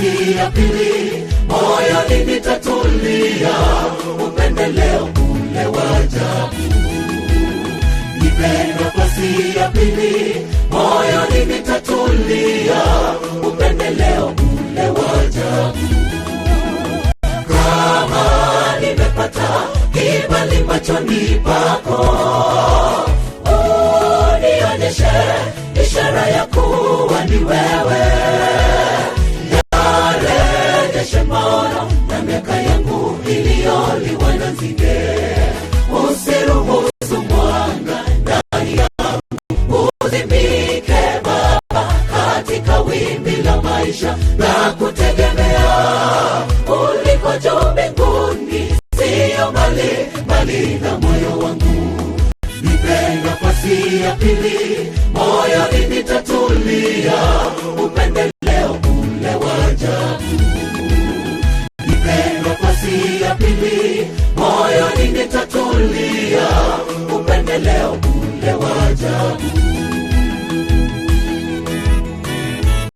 nafasi ya pili, moyoni nitatulia, upendeleo ule wa ajabu. Nipe nafasi ya pili, moyo nitatulia, upendeleo ule wa ajabu. Kama nimepata kibali machoni pako, unionyeshe ishara ya kuwa ni wewe maisha bora na miaka yangu iliyoliwa na nzige. Usiruhusu mwanga ndani yangu uzimike Baba, katika wimbi la maisha na kutegemea uliko juu mbinguni, siyo mali mali na moyo wangu. Nipe nafasi ya pili, moyo nitatulia upe ya pili, moyoni nitatulia upendeleo ule wajabu